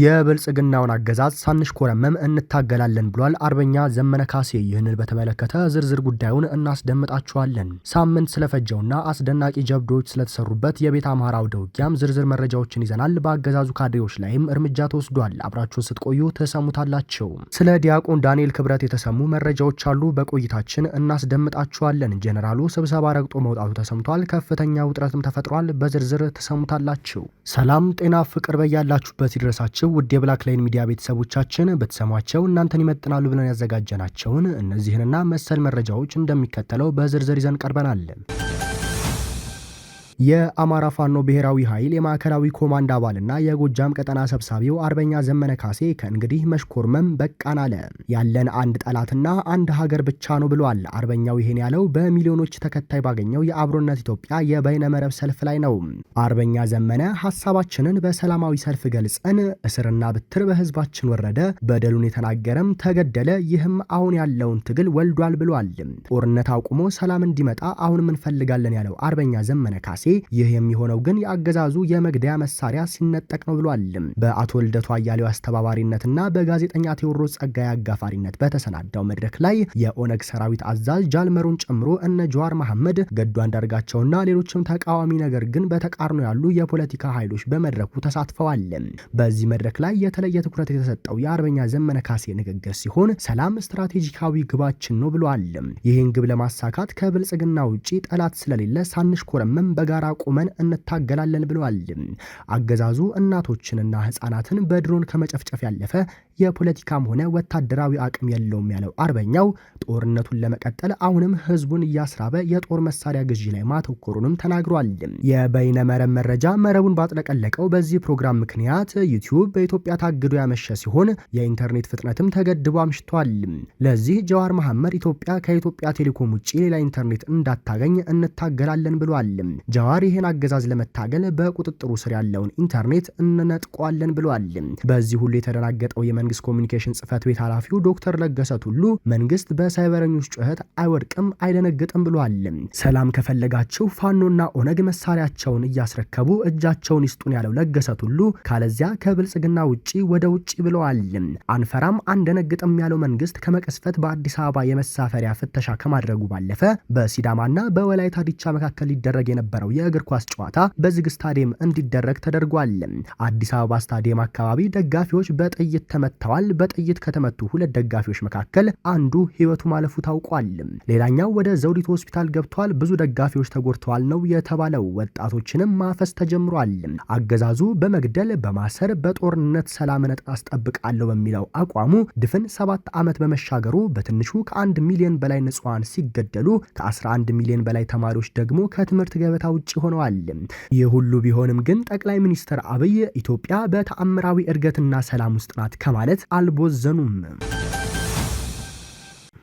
የብልጽግናውን አገዛዝ ሳንሽኮረመም እንታገላለን ብሏል አርበኛ ዘመነ ካሴ። ይህንን በተመለከተ ዝርዝር ጉዳዩን እናስደምጣችኋለን። ሳምንት ስለፈጀውና አስደናቂ ጀብዶዎች ስለተሰሩበት የቤት አማራ አውደ ውጊያም ዝርዝር መረጃዎችን ይዘናል። በአገዛዙ ካድሬዎች ላይም እርምጃ ተወስዷል። አብራችሁን ስትቆዩ ተሰሙታላቸው። ስለ ዲያቆን ዳንኤል ክብረት የተሰሙ መረጃዎች አሉ። በቆይታችን እናስደምጣችኋለን። ጄኔራሉ ስብሰባ ረግጦ መውጣቱ ተሰምቷል። ከፍተኛ ውጥረትም ተፈጥሯል። በዝርዝር ተሰሙታላቸው። ሰላም ጤና፣ ፍቅር በያላችሁበት ይድረሳችሁ። ናቸው ውድ የብላክ ላይን ሚዲያ ቤተሰቦቻችን ብትሰሟቸው እናንተን ይመጥናሉ ብለን ያዘጋጀናቸውን እነዚህንና መሰል መረጃዎች እንደሚከተለው በዝርዝር ይዘን ቀርበናል። የአማራ ፋኖ ብሔራዊ ኃይል የማዕከላዊ ኮማንድ አባልና የጎጃም ቀጠና ሰብሳቢው አርበኛ ዘመነ ካሴ ከእንግዲህ መሽኮርመም በቃን አለ። ያለን አንድ ጠላትና አንድ ሀገር ብቻ ነው ብሏል። አርበኛው ይሄን ያለው በሚሊዮኖች ተከታይ ባገኘው የአብሮነት ኢትዮጵያ የበይነመረብ ሰልፍ ላይ ነው። አርበኛ ዘመነ ሀሳባችንን በሰላማዊ ሰልፍ ገልጸን እስርና ብትር በህዝባችን ወረደ፣ በደሉን የተናገረም ተገደለ፣ ይህም አሁን ያለውን ትግል ወልዷል ብሏል። ጦርነት አቁሞ ሰላም እንዲመጣ አሁንም እንፈልጋለን ያለው አርበኛ ዘመነ ካሴ ይህ የሚሆነው ግን የአገዛዙ የመግደያ መሳሪያ ሲነጠቅ ነው ብሏል። በአቶ ልደቱ አያሌው አስተባባሪነትና በጋዜጠኛ ቴዎድሮስ ጸጋዬ አጋፋሪነት በተሰናዳው መድረክ ላይ የኦነግ ሰራዊት አዛዥ ጃልመሩን ጨምሮ እነ ጀዋር መሐመድ፣ ገዱ አንዳርጋቸውና ሌሎችም ተቃዋሚ ነገር ግን በተቃርኖ ያሉ የፖለቲካ ኃይሎች በመድረኩ ተሳትፈዋል። በዚህ መድረክ ላይ የተለየ ትኩረት የተሰጠው የአርበኛ ዘመነ ካሴ ንግግር ሲሆን ሰላም ስትራቴጂካዊ ግባችን ነው ብሏል። ይህን ግብ ለማሳካት ከብልጽግና ውጪ ጠላት ስለሌለ ሳንሽኮረመም በጋ በጋራ ቆመን እንታገላለን ብለዋል። አገዛዙ እናቶችንና ህጻናትን በድሮን ከመጨፍጨፍ ያለፈ የፖለቲካም ሆነ ወታደራዊ አቅም የለውም ያለው አርበኛው ጦርነቱን ለመቀጠል አሁንም ህዝቡን እያስራበ የጦር መሳሪያ ግዢ ላይ ማተኮሩንም ተናግሯል። የበይነ መረብ መረጃ መረቡን ባጥለቀለቀው በዚህ ፕሮግራም ምክንያት ዩቲዩብ በኢትዮጵያ ታግዶ ያመሸ ሲሆን የኢንተርኔት ፍጥነትም ተገድቦ አምሽቷል። ለዚህ ጀዋር መሐመድ ኢትዮጵያ ከኢትዮጵያ ቴሌኮም ውጭ ሌላ ኢንተርኔት እንዳታገኝ እንታገላለን ብሏል። ጀዋር ይህን አገዛዝ ለመታገል በቁጥጥሩ ስር ያለውን ኢንተርኔት እንነጥቋለን ብሏል። በዚህ ሁሉ የተደናገጠው የመንግስት ኮሚኒኬሽን ጽህፈት ቤት ኃላፊው ዶክተር ለገሰ ቱሉ መንግስት በሳይበረኞች ጩኸት አይወድቅም አይደነግጥም ብሏል። ሰላም ከፈለጋችሁ ፋኖና ኦነግ መሳሪያቸውን እያስረከቡ እጃቸውን ይስጡን ያለው ለገሰ ቱሉ ካለዚያ ከብልጽግና ውጪ ወደ ውጪ ብለዋል። አንፈራም አንደነግጥም ያለው መንግስት ከመቀስፈት በአዲስ አበባ የመሳፈሪያ ፍተሻ ከማድረጉ ባለፈ በሲዳማና በወላይታ ዲቻ መካከል ሊደረግ የነበረው የእግር ኳስ ጨዋታ በዝግ ስታዲየም እንዲደረግ ተደርጓል። አዲስ አበባ ስታዲየም አካባቢ ደጋፊዎች በጥይት ተመ ተመትተዋል። በጥይት ከተመቱ ሁለት ደጋፊዎች መካከል አንዱ ህይወቱ ማለፉ ታውቋል። ሌላኛው ወደ ዘውዲቱ ሆስፒታል ገብቷል። ብዙ ደጋፊዎች ተጎድተዋል ነው የተባለው። ወጣቶችንም ማፈስ ተጀምሯል። አገዛዙ በመግደል በማሰር በጦርነት ነጥ አስጠብቃለሁ በሚለው አቋሙ ድፍን ሰባት ዓመት በመሻገሩ በትንሹ ከአንድ ሚሊዮን በላይ ንጹሐን ሲገደሉ ከ11 ሚሊዮን በላይ ተማሪዎች ደግሞ ከትምህርት ገበታ ውጭ ሆነዋል። ይህ ሁሉ ቢሆንም ግን ጠቅላይ ሚኒስትር አብይ ኢትዮጵያ በተአምራዊ እድገትና ሰላም ውስጥ ናት ከማ በማለት አልቦዘኑም።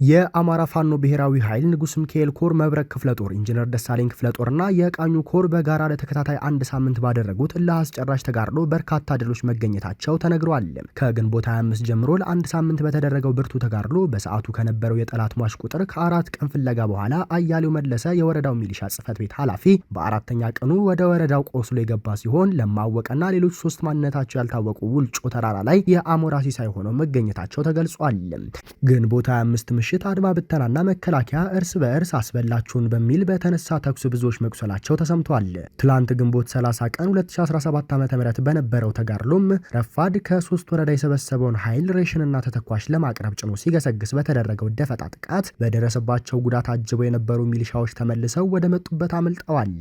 የአማራ ፋኖ ብሔራዊ ኃይል ንጉስ ሚካኤል ኮር መብረቅ ክፍለ ጦር ኢንጂነር ደሳለኝ ክፍለ ጦርና የቃኙ ኮር በጋራ ለተከታታይ አንድ ሳምንት ባደረጉት ለአስጨራሽ ተጋድሎ በርካታ ድሎች መገኘታቸው ተነግሯል። ከግንቦት 25 ጀምሮ ለአንድ ሳምንት በተደረገው ብርቱ ተጋድሎ በሰዓቱ ከነበረው የጠላት ሟች ቁጥር ከአራት ቀን ፍለጋ በኋላ አያሌው መለሰ የወረዳው ሚሊሻ ጽህፈት ቤት ኃላፊ በአራተኛ ቀኑ ወደ ወረዳው ቆስሎ የገባ ሲሆን ለማወቀና ሌሎች ሶስት ማንነታቸው ያልታወቁ ውልጮ ተራራ ላይ የአሞራ ሲሳይ ሆነው መገኘታቸው ተገልጿል። ግንቦት 25 ምሽት አድማ ብተናና መከላከያ እርስ በእርስ አስበላችሁን በሚል በተነሳ ተኩስ ብዙዎች መቁሰላቸው ተሰምቷል። ትላንት ግንቦት 30 ቀን 2017 ዓ ም በነበረው ተጋድሎም ረፋድ ከሶስት ወረዳ የሰበሰበውን ኃይል ሬሽንና ተተኳሽ ለማቅረብ ጭኖ ሲገሰግስ በተደረገው ደፈጣ ጥቃት በደረሰባቸው ጉዳት አጅበው የነበሩ ሚሊሻዎች ተመልሰው ወደ መጡበት አምልጠዋል።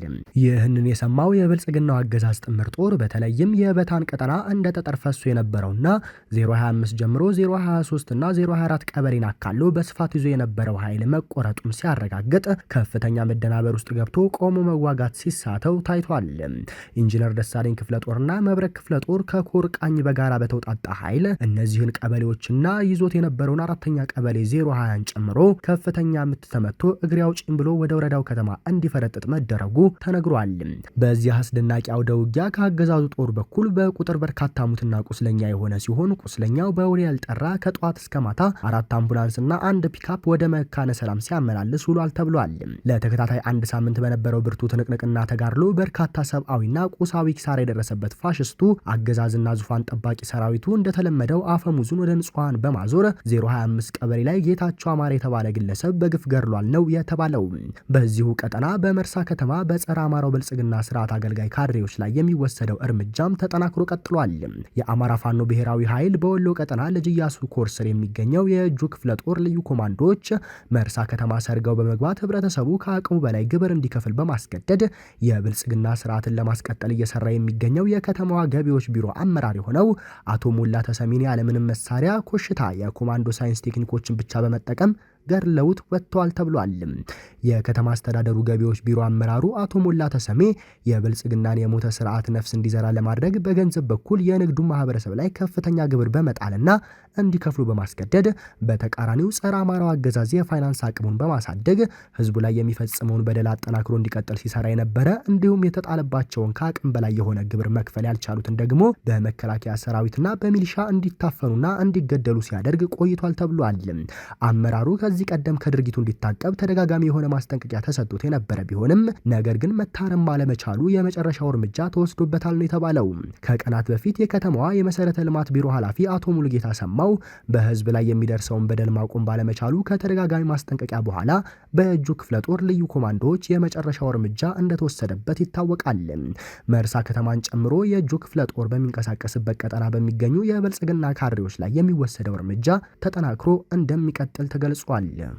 ይህንን የሰማው የብልጽግናው አገዛዝ ጥምር ጦር በተለይም የበታን ቀጠና እንደ ጠጠር ፈሶ የነበረውና 025 ጀምሮ 023 እና 024 ቀበሌን አካሎ በስፋ በስፋት ይዞ የነበረው ኃይል መቆረጡን ሲያረጋግጥ ከፍተኛ መደናበር ውስጥ ገብቶ ቆሞ መዋጋት ሲሳተው ታይቷል። ኢንጂነር ደሳለኝ ክፍለ ጦርና መብረቅ ክፍለ ጦር ከኮር ቃኝ በጋራ በተውጣጣ ኃይል እነዚህን ቀበሌዎችና ይዞት የነበረውን አራተኛ ቀበሌ ዜሮ ን ጨምሮ ከፍተኛ ምት ተመቶ እግሬ አውጪኝ ብሎ ወደ ወረዳው ከተማ እንዲፈረጥጥ መደረጉ ተነግሯል። በዚህ አስደናቂ አውደ ውጊያ ከአገዛዙ ጦር በኩል በቁጥር በርካታ ሙትና ቁስለኛ የሆነ ሲሆን ቁስለኛው በውል ያልጠራ ከጠዋት እስከ ማታ አራት አምቡላንስና አንድ ፒካፕ ወደ መካነ ሰላም ሲያመላልስ ውሏል ተብሏል። ለተከታታይ አንድ ሳምንት በነበረው ብርቱ ትንቅንቅና ተጋድሎ በርካታ ሰብአዊና ቁሳዊ ኪሳራ የደረሰበት ፋሽስቱ አገዛዝና ዙፋን ጠባቂ ሰራዊቱ እንደተለመደው አፈሙዙን ወደ ንጹሐን በማዞር 025 ቀበሌ ላይ ጌታቸው አማረ የተባለ ግለሰብ በግፍ ገድሏል ነው የተባለው። በዚሁ ቀጠና በመርሳ ከተማ በጸረ አማራው ብልጽግና ስርዓት አገልጋይ ካድሬዎች ላይ የሚወሰደው እርምጃም ተጠናክሮ ቀጥሏል። የአማራ ፋኖ ብሔራዊ ኃይል በወሎ ቀጠና ልጅ ኢያሱ ኮር ስር የሚገኘው የእጁ ክፍለ ጦር ልዩ ኮማንዶዎች መርሳ ከተማ ሰርገው በመግባት ህብረተሰቡ ከአቅሙ በላይ ግብር እንዲከፍል በማስገደድ የብልጽግና ስርዓትን ለማስቀጠል እየሰራ የሚገኘው የከተማዋ ገቢዎች ቢሮ አመራር የሆነው አቶ ሞላ ተሰሚን ያለምንም መሳሪያ ኮሽታ የኮማንዶ ሳይንስ ቴክኒኮችን ብቻ በመጠቀም ገድለውት ወጥተዋል ተብሏል። የከተማ አስተዳደሩ ገቢዎች ቢሮ አመራሩ አቶ ሞላ ተሰሜ የብልጽግናን የሞተ ስርዓት ነፍስ እንዲዘራ ለማድረግ በገንዘብ በኩል የንግዱ ማህበረሰብ ላይ ከፍተኛ ግብር በመጣልና እንዲከፍሉ በማስገደድ በተቃራኒው ጸረ አማራው አገዛዝ የፋይናንስ አቅሙን በማሳደግ ህዝቡ ላይ የሚፈጽመውን በደል አጠናክሮ እንዲቀጥል ሲሰራ የነበረ እንዲሁም የተጣለባቸውን ከአቅም በላይ የሆነ ግብር መክፈል ያልቻሉትን ደግሞ በመከላከያ ሰራዊትና በሚሊሻ እንዲታፈኑና እንዲገደሉ ሲያደርግ ቆይቷል ተብሏል። አመራሩ ከዚህ ከዚህ ቀደም ከድርጊቱ እንዲታቀብ ተደጋጋሚ የሆነ ማስጠንቀቂያ ተሰጥቶት የነበረ ቢሆንም ነገር ግን መታረም ባለመቻሉ የመጨረሻው እርምጃ ተወስዶበታል ነው የተባለው። ከቀናት በፊት የከተማዋ የመሰረተ ልማት ቢሮ ኃላፊ አቶ ሙሉጌታ ሰማው በህዝብ ላይ የሚደርሰውን በደል ማቆም ባለመቻሉ ከተደጋጋሚ ማስጠንቀቂያ በኋላ በእጁ ክፍለ ጦር ልዩ ኮማንዶዎች የመጨረሻው እርምጃ እንደተወሰደበት ይታወቃል። መርሳ ከተማን ጨምሮ የእጁ ክፍለ ጦር በሚንቀሳቀስበት ቀጠና በሚገኙ የብልጽግና ካድሬዎች ላይ የሚወሰደው እርምጃ ተጠናክሮ እንደሚቀጥል ተገልጿል። Yeah.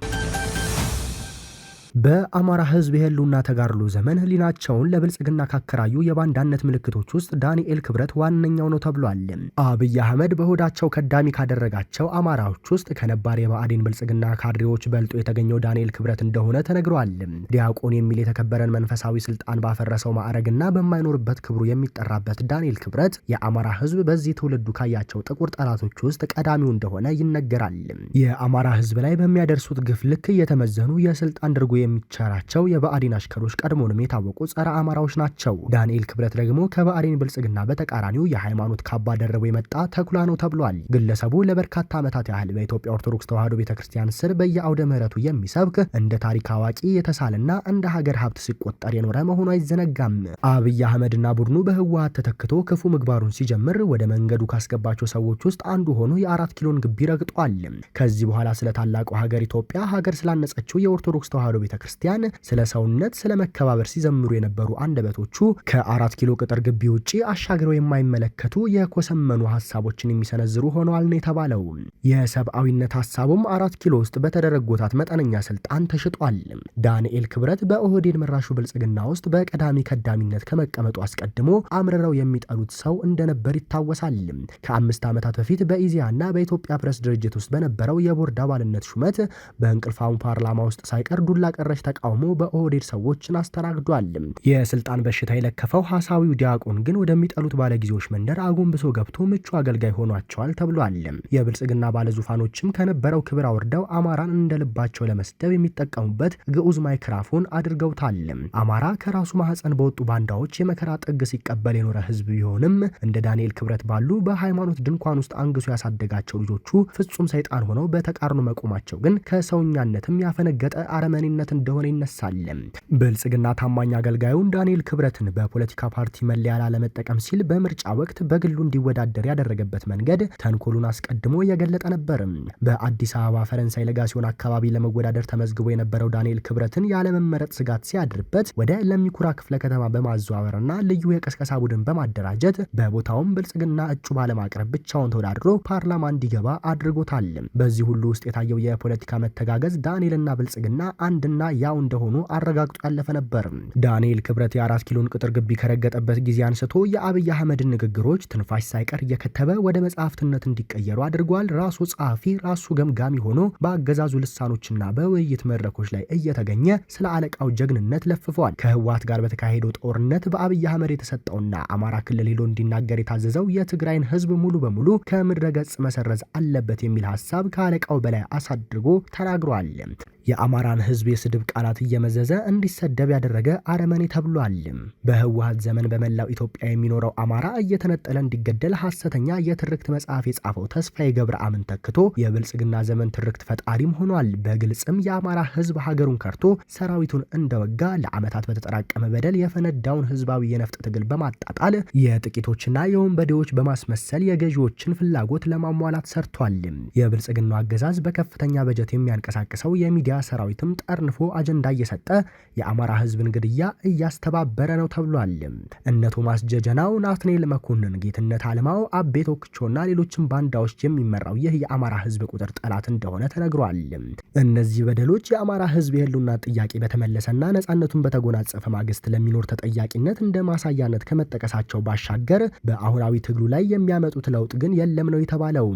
በአማራ ህዝብ የህልውና ተጋድሎ ዘመን ህሊናቸውን ለብልጽግና ካከራዩ የባንዳነት ምልክቶች ውስጥ ዳንኤል ክብረት ዋነኛው ነው ተብሏል። አብይ አህመድ በሆዳቸው ከዳሚ ካደረጋቸው አማራዎች ውስጥ ከነባር የብአዴን ብልጽግና ካድሬዎች በልጦ የተገኘው ዳንኤል ክብረት እንደሆነ ተነግሯል። ዲያቆን የሚል የተከበረን መንፈሳዊ ስልጣን ባፈረሰው ማዕረግና በማይኖርበት ክብሩ የሚጠራበት ዳንኤል ክብረት የአማራ ህዝብ በዚህ ትውልዱ ካያቸው ጥቁር ጠላቶች ውስጥ ቀዳሚው እንደሆነ ይነገራል። የአማራ ህዝብ ላይ በሚያደርሱት ግፍ ልክ እየተመዘኑ የስልጣን ድርጉ የሚቸራቸው የብአዴን አሽከሮች ቀድሞውንም የታወቁ ጸረ አማራዎች ናቸው። ዳንኤል ክብረት ደግሞ ከብአዴን ብልጽግና በተቃራኒው የሃይማኖት ካባ ደርቦ የመጣ ተኩላ ነው ተብሏል። ግለሰቡ ለበርካታ ዓመታት ያህል በኢትዮጵያ ኦርቶዶክስ ተዋሕዶ ቤተ ክርስቲያን ስር በየአውደ ምሕረቱ የሚሰብክ እንደ ታሪክ አዋቂ የተሳለና እንደ ሀገር ሀብት ሲቆጠር የኖረ መሆኑ አይዘነጋም። አብይ አህመድና ቡድኑ በህወሀት ተተክቶ ክፉ ምግባሩን ሲጀምር ወደ መንገዱ ካስገባቸው ሰዎች ውስጥ አንዱ ሆኖ የአራት ኪሎን ግቢ ረግጧል። ከዚህ በኋላ ስለ ታላቁ ሀገር ኢትዮጵያ ሀገር ስላነጸችው የኦርቶዶክስ ተዋሕዶ ቤተ ክርስቲያን ስለ ሰውነት፣ ስለ መከባበር ሲዘምሩ የነበሩ አንደበቶቹ ከአራት ኪሎ ቅጥር ግቢ ውጭ አሻግረው የማይመለከቱ የኮሰመኑ ሀሳቦችን የሚሰነዝሩ ሆነዋል ነው የተባለው። የሰብአዊነት ሀሳቡም አራት ኪሎ ውስጥ በተደረጎታት መጠነኛ ስልጣን ተሽጧል። ዳንኤል ክብረት በኦህዴድ መራሹ ብልጽግና ውስጥ በቀዳሚ ከዳሚነት ከመቀመጡ አስቀድሞ አምርረው የሚጠሉት ሰው እንደነበር ይታወሳል። ከአምስት ዓመታት በፊት በኢዚያና በኢትዮጵያ ፕሬስ ድርጅት ውስጥ በነበረው የቦርድ አባልነት ሹመት በእንቅልፋሙ ፓርላማ ውስጥ ሳይቀር ዱላ ቀረሽ ተቃውሞ በኦህዴድ ሰዎችን አስተናግዷል። የስልጣን በሽታ የለከፈው ሐሳዊው ዲያቆን ግን ወደሚጠሉት ባለጊዜዎች መንደር አጎንብሶ ገብቶ ምቹ አገልጋይ ሆኗቸዋል ተብሏል። የብልጽግና ባለዙፋኖችም ከነበረው ክብር አውርደው አማራን እንደልባቸው ለመስደብ የሚጠቀሙበት ግዑዝ ማይክራፎን አድርገውታል። አማራ ከራሱ ማህፀን በወጡ ባንዳዎች የመከራ ጥግ ሲቀበል የኖረ ህዝብ ቢሆንም እንደ ዳንኤል ክብረት ባሉ በሃይማኖት ድንኳን ውስጥ አንግሶ ያሳደጋቸው ልጆቹ ፍጹም ሰይጣን ሆነው በተቃርኖ መቆማቸው ግን ከሰውኛነትም ያፈነገጠ አረመኔነት ምክንያት እንደሆነ ይነሳል። ብልጽግና ታማኝ አገልጋዩን ዳንኤል ክብረትን በፖለቲካ ፓርቲ መለያ ላለመጠቀም ሲል በምርጫ ወቅት በግሉ እንዲወዳደር ያደረገበት መንገድ ተንኮሉን አስቀድሞ የገለጠ ነበር። በአዲስ አበባ ፈረንሳይ ለጋሲዮን አካባቢ ለመወዳደር ተመዝግቦ የነበረው ዳንኤል ክብረትን ያለመመረጥ ስጋት ሲያድርበት ወደ ለሚኩራ ክፍለ ከተማ በማዘዋወርና ልዩ የቀስቀሳ ቡድን በማደራጀት በቦታውም ብልጽግና እጩ ባለማቅረብ ብቻውን ተወዳድሮ ፓርላማ እንዲገባ አድርጎታል። በዚህ ሁሉ ውስጥ የታየው የፖለቲካ መተጋገዝ ዳንኤልና ብልጽግና አንድና እና ያው እንደሆኑ አረጋግጦ ያለፈ ነበር። ዳንኤል ክብረት የአራት ኪሎን ቅጥር ግቢ ከረገጠበት ጊዜ አንስቶ የአብይ አህመድን ንግግሮች ትንፋሽ ሳይቀር እየከተበ ወደ መጽሐፍትነት እንዲቀየሩ አድርጓል። ራሱ ጸሐፊ፣ ራሱ ገምጋሚ ሆኖ በአገዛዙ ልሳኖችና በውይይት መድረኮች ላይ እየተገኘ ስለ አለቃው ጀግንነት ለፍፏል። ከህወሓት ጋር በተካሄደው ጦርነት በአብይ አህመድ የተሰጠውና አማራ ክልል ሄዶ እንዲናገር የታዘዘው የትግራይን ህዝብ ሙሉ በሙሉ ከምድረ ገጽ መሰረዝ አለበት የሚል ሀሳብ ከአለቃው በላይ አሳድርጎ ተናግሯል። የአማራን ህዝብ የስድብ ቃላት እየመዘዘ እንዲሰደብ ያደረገ አረመኔ ተብሏል። በህወሀት ዘመን በመላው ኢትዮጵያ የሚኖረው አማራ እየተነጠለ እንዲገደል ሐሰተኛ የትርክት መጽሐፍ የጻፈው ተስፋዬ አምን ተክቶ የብልጽግና ዘመን ትርክት ፈጣሪም ሆኗል። በግልጽም የአማራ ህዝብ ሀገሩን ከርቶ ሰራዊቱን እንደወጋ ለዓመታት በተጠራቀመ በደል የፈነዳውን ህዝባዊ የነፍጥ ትግል በማጣጣል የጥቂቶችና የወንበዴዎች በማስመሰል የገዢዎችን ፍላጎት ለማሟላት ሰርቷል። የብልጽግናው አገዛዝ በከፍተኛ በጀት የሚያንቀሳቅሰው የሚዲያ የመከላከያ ሰራዊትም ጠርንፎ አጀንዳ እየሰጠ የአማራ ህዝብን ግድያ እያስተባበረ ነው ተብሏል። እነ ቶማስ ጀጀናው፣ ናትኔል መኮንን፣ ጌትነት አለማው፣ አቤ ቶክቾና ሌሎችም ባንዳዎች የሚመራው ይህ የአማራ ህዝብ ቁጥር ጠላት እንደሆነ ተነግሯል። እነዚህ በደሎች የአማራ ህዝብ የህልውና ጥያቄ በተመለሰና ነጻነቱን በተጎናጸፈ ማግስት ለሚኖር ተጠያቂነት እንደ ማሳያነት ከመጠቀሳቸው ባሻገር በአሁናዊ ትግሉ ላይ የሚያመጡት ለውጥ ግን የለም ነው የተባለው።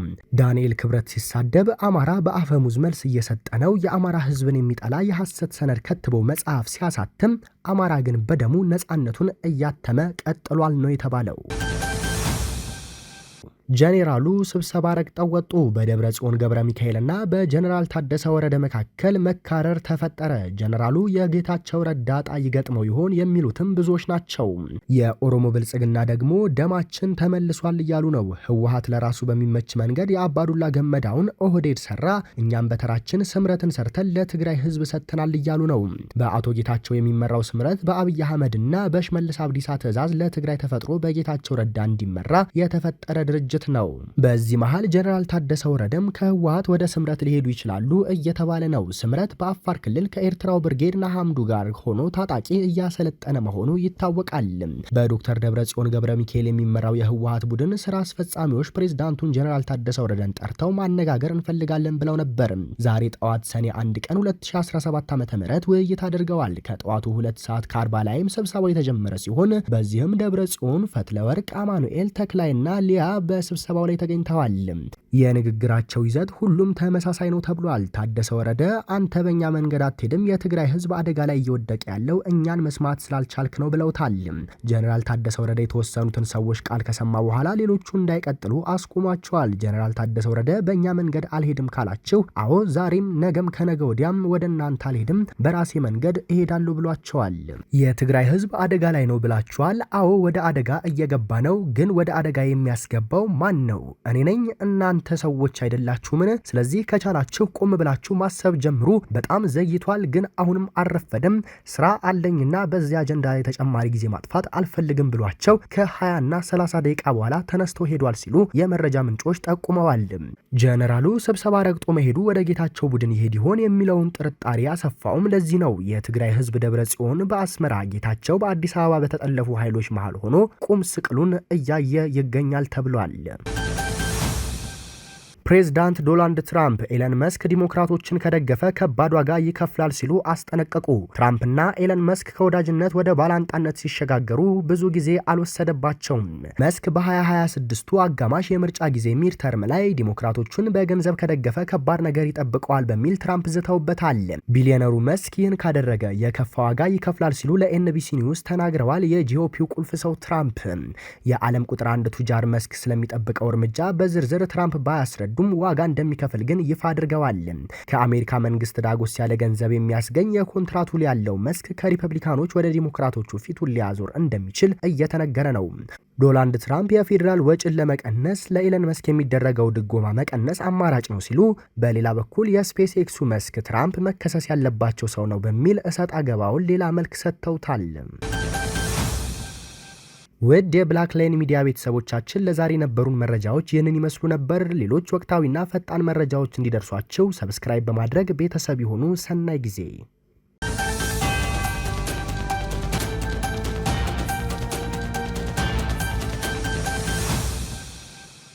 ዳንኤል ክብረት ሲሳደብ አማራ በአፈሙዝ መልስ እየሰጠ ነው፣ የአማራ ህዝብን የሚጠላ የሐሰት ሰነድ ከትቦ መጽሐፍ ሲያሳትም፣ አማራ ግን በደሙ ነፃነቱን እያተመ ቀጥሏል ነው የተባለው። ጄኔራሉ ስብሰባ ረግጠው ወጡ። በደብረ ጽዮን ገብረ ሚካኤልና በጀኔራል ታደሰ ወረደ መካከል መካረር ተፈጠረ። ጀኔራሉ የጌታቸው ረዳ ጣ ይገጥመው ይሆን የሚሉትም ብዙዎች ናቸው። የኦሮሞ ብልጽግና ደግሞ ደማችን ተመልሷል እያሉ ነው። ህወሀት ለራሱ በሚመች መንገድ የአባዱላ ገመዳውን ኦህዴድ ሰራ፣ እኛም በተራችን ስምረትን ሰርተን ለትግራይ ህዝብ ሰጥተናል እያሉ ነው። በአቶ ጌታቸው የሚመራው ስምረት በአብይ አህመድና በሽመልስ አብዲሳ ትዕዛዝ ለትግራይ ተፈጥሮ በጌታቸው ረዳ እንዲመራ የተፈጠረ ድርጅት ድርጅት ነው። በዚህ መሃል ጀነራል ታደሰ ወረደም ከህወሀት ወደ ስምረት ሊሄዱ ይችላሉ እየተባለ ነው። ስምረት በአፋር ክልል ከኤርትራው ብርጌድ ናሐምዱ ጋር ሆኖ ታጣቂ እያሰለጠነ መሆኑ ይታወቃል። በዶክተር ደብረጽዮን ገብረ ሚካኤል የሚመራው የህወሀት ቡድን ስራ አስፈጻሚዎች ፕሬዝዳንቱን ጀነራል ታደሰ ወረደን ጠርተው ማነጋገር እንፈልጋለን ብለው ነበር። ዛሬ ጠዋት ሰኔ 1 ቀን 2017 ዓ ም ውይይት አድርገዋል። ከጠዋቱ ሁለት ሰዓት ከአርባ ላይም ስብሰባው የተጀመረ ሲሆን በዚህም ደብረ ጽዮን፣ ፈትለወርቅ፣ አማኑኤል ተክላይና ሊያ በ በስብሰባው ላይ ተገኝተዋል። የንግግራቸው ይዘት ሁሉም ተመሳሳይ ነው ተብሏል። ታደሰ ወረደ አንተ በእኛ መንገድ አትሄድም፣ የትግራይ ህዝብ አደጋ ላይ እየወደቀ ያለው እኛን መስማት ስላልቻልክ ነው ብለውታል። ጀኔራል ታደሰ ወረደ የተወሰኑትን ሰዎች ቃል ከሰማ በኋላ ሌሎቹ እንዳይቀጥሉ አስቁሟቸዋል። ጀኔራል ታደሰ ወረደ በእኛ መንገድ አልሄድም ካላችሁ፣ አዎ ዛሬም ነገም ከነገ ወዲያም ወደ እናንተ አልሄድም በራሴ መንገድ እሄዳለሁ ብሏቸዋል። የትግራይ ህዝብ አደጋ ላይ ነው ብላችኋል። አዎ ወደ አደጋ እየገባ ነው። ግን ወደ አደጋ የሚያስገባው ማን ነው? እኔ ነኝ? እናንተ ሰዎች አይደላችሁምን? ስለዚህ ከቻላችሁ ቆም ብላችሁ ማሰብ ጀምሩ። በጣም ዘግይቷል፣ ግን አሁንም አረፈደም። ስራ አለኝና በዚህ አጀንዳ ላይ ተጨማሪ ጊዜ ማጥፋት አልፈልግም ብሏቸው ከ20ና 30 ደቂቃ በኋላ ተነስቶ ሄዷል ሲሉ የመረጃ ምንጮች ጠቁመዋል። ጀነራሉ ስብሰባ ረግጦ መሄዱ ወደ ጌታቸው ቡድን ይሄድ ይሆን የሚለውን ጥርጣሬ ያሰፋውም ለዚህ ነው። የትግራይ ህዝብ ደብረ ጽዮን በአስመራ ጌታቸው በአዲስ አበባ በተጠለፉ ኃይሎች መሃል ሆኖ ቁም ስቅሉን እያየ ይገኛል ተብሏል። Мюллер. ፕሬዝዳንት ዶናልድ ትራምፕ ኤለን መስክ ዲሞክራቶችን ከደገፈ ከባድ ዋጋ ይከፍላል ሲሉ አስጠነቀቁ። ትራምፕና ኤለን መስክ ከወዳጅነት ወደ ባላንጣነት ሲሸጋገሩ ብዙ ጊዜ አልወሰደባቸውም። መስክ በ2026ቱ አጋማሽ የምርጫ ጊዜ ሚድ ተርም ላይ ዲሞክራቶቹን በገንዘብ ከደገፈ ከባድ ነገር ይጠብቀዋል በሚል ትራምፕ ዝተውበታል። ቢሊዮነሩ መስክ ይህን ካደረገ የከፋ ዋጋ ይከፍላል ሲሉ ለኤንቢሲ ኒውስ ተናግረዋል። የጂኦፒው ቁልፍ ሰው ትራምፕ የዓለም ቁጥር አንድ ቱጃር መስክ ስለሚጠብቀው እርምጃ በዝርዝር ትራምፕ ባያስረዱ ትርጉም ዋጋ እንደሚከፍል ግን ይፋ አድርገዋል። ከአሜሪካ መንግስት ዳጎስ ያለ ገንዘብ የሚያስገኝ የኮንትራት ውል ያለው መስክ ከሪፐብሊካኖች ወደ ዲሞክራቶቹ ፊቱን ሊያዞር እንደሚችል እየተነገረ ነው። ዶናልድ ትራምፕ የፌዴራል ወጪን ለመቀነስ ለኢለን መስክ የሚደረገው ድጎማ መቀነስ አማራጭ ነው ሲሉ፣ በሌላ በኩል የስፔስ ኤክሱ መስክ ትራምፕ መከሰስ ያለባቸው ሰው ነው በሚል እሰጥ አገባውን ሌላ መልክ ሰጥተውታል። ውድ የብላክ ላይን ሚዲያ ቤተሰቦቻችን ለዛሬ የነበሩን መረጃዎች ይህንን ይመስሉ ነበር። ሌሎች ወቅታዊና ፈጣን መረጃዎች እንዲደርሷቸው ሰብስክራይብ በማድረግ ቤተሰብ የሆኑ ሰናይ ጊዜ